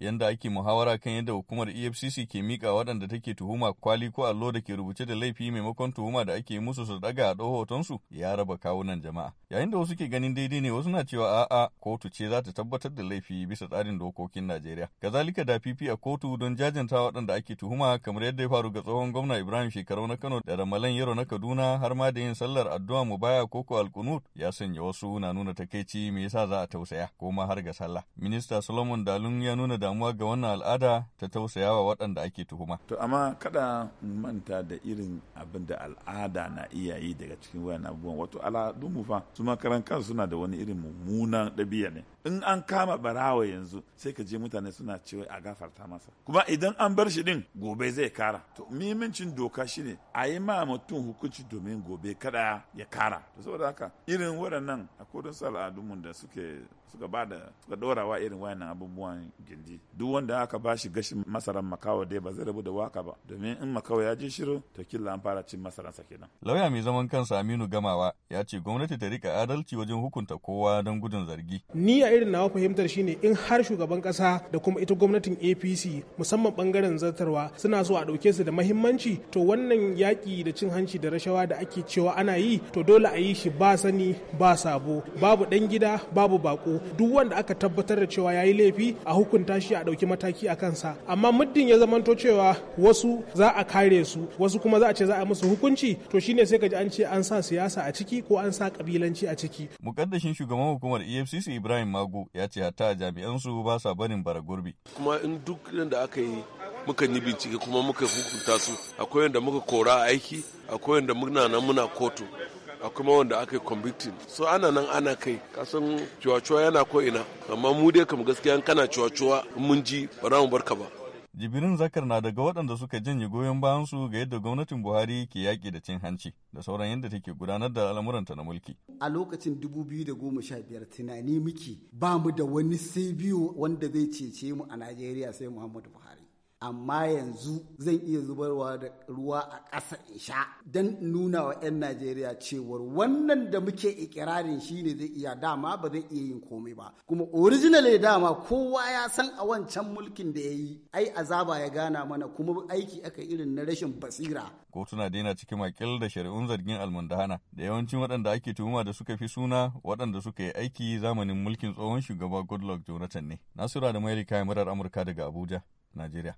yadda ake muhawara kan yadda hukumar efcc ke mika waɗanda take tuhuma kwali ko allo da ke rubuce da laifi maimakon tuhuma da ake musu su daga a ɗau hotonsu ya raba kawunan jama'a yayin da wasu ke ganin daidai ne wasu na cewa a'a kotu ce za ta tabbatar da laifi bisa tsarin dokokin najeriya kazalika da fifi a kotu don jajanta waɗanda ake tuhuma kamar yadda ya faru ga tsohon gwamna ibrahim shekarau na kano da ramalan yaro na kaduna har ma da yin sallar addu'a mu baya ko alkunut ya sanya wasu na nuna takaici me yasa za a tausaya ko ma har ga sallah minista solomon dalun ya nuna da damuwa ga wannan al'ada ta tausaya wa waɗanda ake tuhuma. To amma kada manta da irin abin da al'ada na iya yi daga cikin wayan abubuwan wato mu fa su makaran suna da wani irin mummunan ɗabi'a ne. In an kama barawa yanzu sai ka je mutane suna cewa a gafarta masa. Kuma idan an bar shi din gobe zai kara. To mimincin doka shine a yi ma mutum hukunci domin gobe kada ya kara. To saboda haka irin waɗannan a kodin al'adunmu da suke suka ba da suka ɗorawa irin wayan abubuwan gindi duk wanda aka ba shi gashin masaran makawa dai ba zai rabu da waka ba domin in makawa ya je shiru to killa an fara cin masaransa kenan lauya mai zaman kansa Aminu Gamawa ya ce gwamnati ta rika adalci wajen hukunta kowa don gudun zargi ni a irin nawa fahimtar shine in har shugaban kasa da kuma ita gwamnatin APC musamman bangaren zartarwa suna so a ɗauke su da mahimmanci to wannan yaƙi da cin hanci da rashawa da ake cewa ana yi to dole a yi shi ba sani ba sabo babu dan gida babu baƙo duk wanda aka tabbatar da cewa ya yi laifi a hukunta shi shi a ɗauki mataki a kansa amma muddin ya zamanto cewa wasu za a kare su wasu kuma za a ce za a musu hukunci to shine sai ka ji an ce an sa siyasa a ciki ko an sa kabilanci a ciki mukaddashin shugaban hukumar efcc ibrahim mago ya ce hatta jami'an su ba sa barin bara gurbi kuma in duk da aka yi muka yi bincike kuma muka hukunta su akwai wanda muka kora aiki akwai wanda muna nan muna kotu a kuma wanda aka yi convicting so ana nan ana kai kasan cuwacuwa yana ko ina amma mu dai kam gaskiya kana cuwacuwa mun ji ba za mu bar ka ba jibirin zakar na daga waɗanda suka janye goyon bayan su ga yadda gwamnatin buhari ke yaƙi da cin hanci da sauran yadda take gudanar da al'amuranta na mulki a lokacin 2015 tunani muke ba mu da wani sai biyu wanda zai cece mu a najeriya sai muhammadu buhari amma yanzu zan iya zubarwa da ruwa a ƙasa in sha don nuna wa 'yan najeriya cewar wannan da muke ikirarin shine zai iya dama ba zai iya yin komai ba kuma original ya dama kowa ya san a wancan mulkin da ya yi ai azaba ya gana mana kuma aiki aka irin na rashin basira kotuna daina cikin makil da shari'un zargin almundahana da yawancin waɗanda ake tuhuma da suka fi suna waɗanda suka yi aiki zamanin mulkin tsohon shugaba goodluck jonathan ne nasura da mairi kayan murar amurka daga abuja najeriya